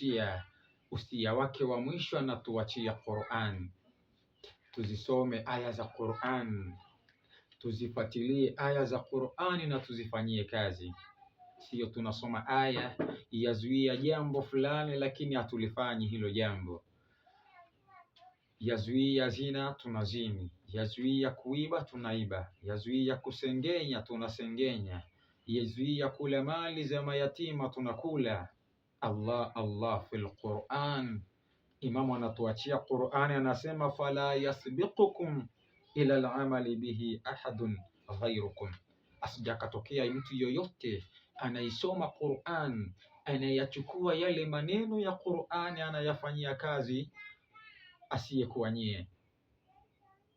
anatuachia usia wake wa mwisho, anatuachia Qur'an. Tuzisome aya za Qur'an, tuzifuatilie aya za Qur'ani na tuzifanyie kazi. Sio tunasoma aya yazuia jambo fulani, lakini hatulifanyi hilo jambo. Yazuia zina, tunazini. Yazuia kuiba, tunaiba. Yazuia kusengenya, tunasengenya. Yazuia kula mali za mayatima, tunakula. Allah Allah fil Quran. Imamu anatuachia Qurani, anasema fala yasbiqukum ila al-amali bihi ahadun ghayrukum, asijakatokea mtu yoyote anaisoma Quran anayachukua yale maneno ya Qurani anayafanyia kazi asiyekuwa nyie.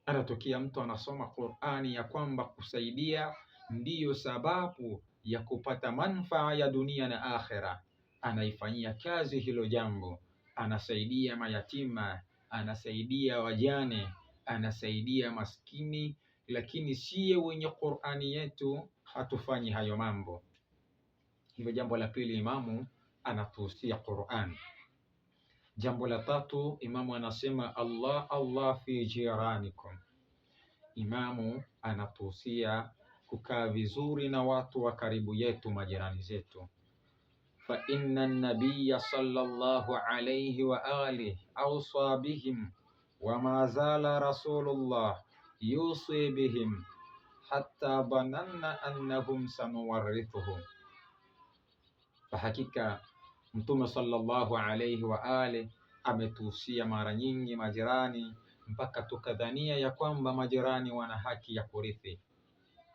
Anatokea mtu anasoma Qurani ya kwamba kusaidia ndiyo sababu ya kupata manfaa ya dunia na akhera anaifanyia kazi hilo jambo, anasaidia mayatima, anasaidia wajane, anasaidia maskini. Lakini siye wenye Qur'ani yetu hatufanyi hayo mambo. Hilo jambo la pili, imamu anatuhusia Qur'an. Jambo la tatu, imamu anasema Allah Allah fi jiranikum. Imamu anatuhusia kukaa vizuri na watu wa karibu yetu, majirani zetu fa inna nabiyya sallallahu alayhi wa alihi awsa bihim wa ma zala rasulullah yusi bihim hatta dhananna annahum sanuwarithuhum, kwa hakika Mtume sallallahu alayhi wa alihi ametuhusia mara nyingi majirani mpaka tukadhania ya kwamba majirani wana haki ya kurithi.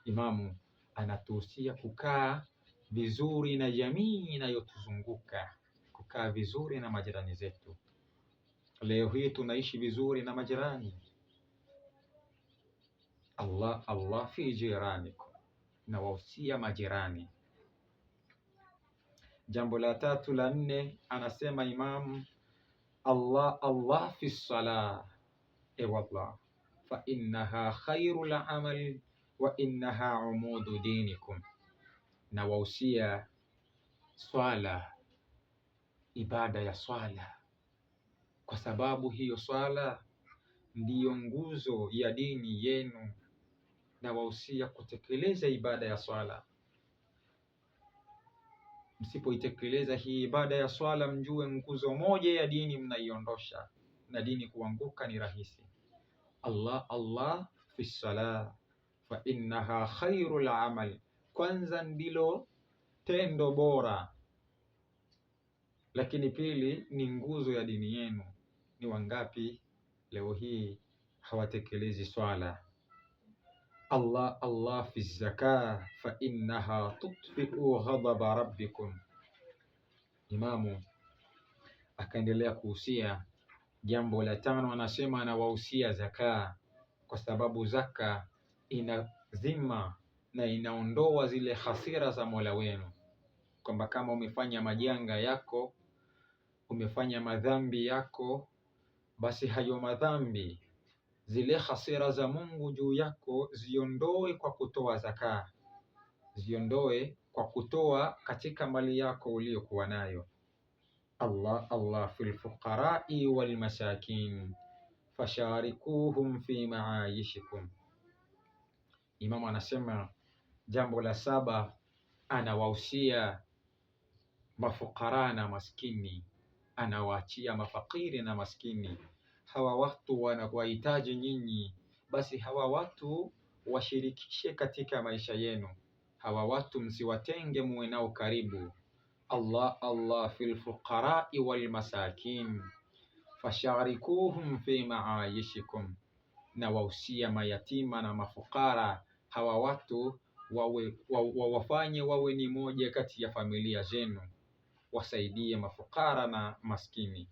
Imamu anatuhusia kukaa vizuri na jamii inayotuzunguka, kukaa vizuri na majirani zetu. Leo hii tunaishi vizuri na majirani. Allah, Allah fi jiranikum, na majirani. Jambo la tatu la nne anasema Imam Allah, Allah fi salah, ewallah fa innaha khairul amal wa innaha umudu dinikum nawahusia swala, ibada ya swala, kwa sababu hiyo swala ndiyo nguzo ya dini yenu. Nawahusia kutekeleza ibada ya swala. Msipoitekeleza hii ibada ya swala, mjue nguzo moja ya dini mnaiondosha, na dini kuanguka ni rahisi. Allah Allah fi salah fa innaha khairul amal kwanza ndilo tendo bora, lakini pili ni nguzo ya dini yenu. Ni wangapi leo hii hawatekelezi swala? Allah Allah fi zaka fa innaha tutfiu ghadaba rabbikum. Imamu akaendelea kuhusia jambo la tano, anasema anawahusia zaka kwa sababu zaka ina na inaondoa zile hasira za Mola wenu, kwamba kama umefanya majanga yako, umefanya madhambi yako, basi hayo madhambi, zile hasira za Mungu juu yako ziondoe kwa kutoa zakaa, ziondoe kwa kutoa katika mali yako uliyokuwa nayo. Allah Allah fil fuqarai wal masakin fasharikuhum fi maayishikum. Imam anasema Jambo la saba, anawahusia mafukara na maskini, anawaachia mafakiri na maskini. Hawa watu wanawahitaji nyinyi, basi hawa watu washirikishe katika maisha yenu. Hawa watu msiwatenge, muwe nao karibu. Allah Allah fil fuqarai wal masakin fasharikuhum fi maayishikum, na wahusia mayatima na mafukara. Hawa watu wawe wawafanye wawe ni moja kati ya familia zenu, wasaidie mafukara na maskini.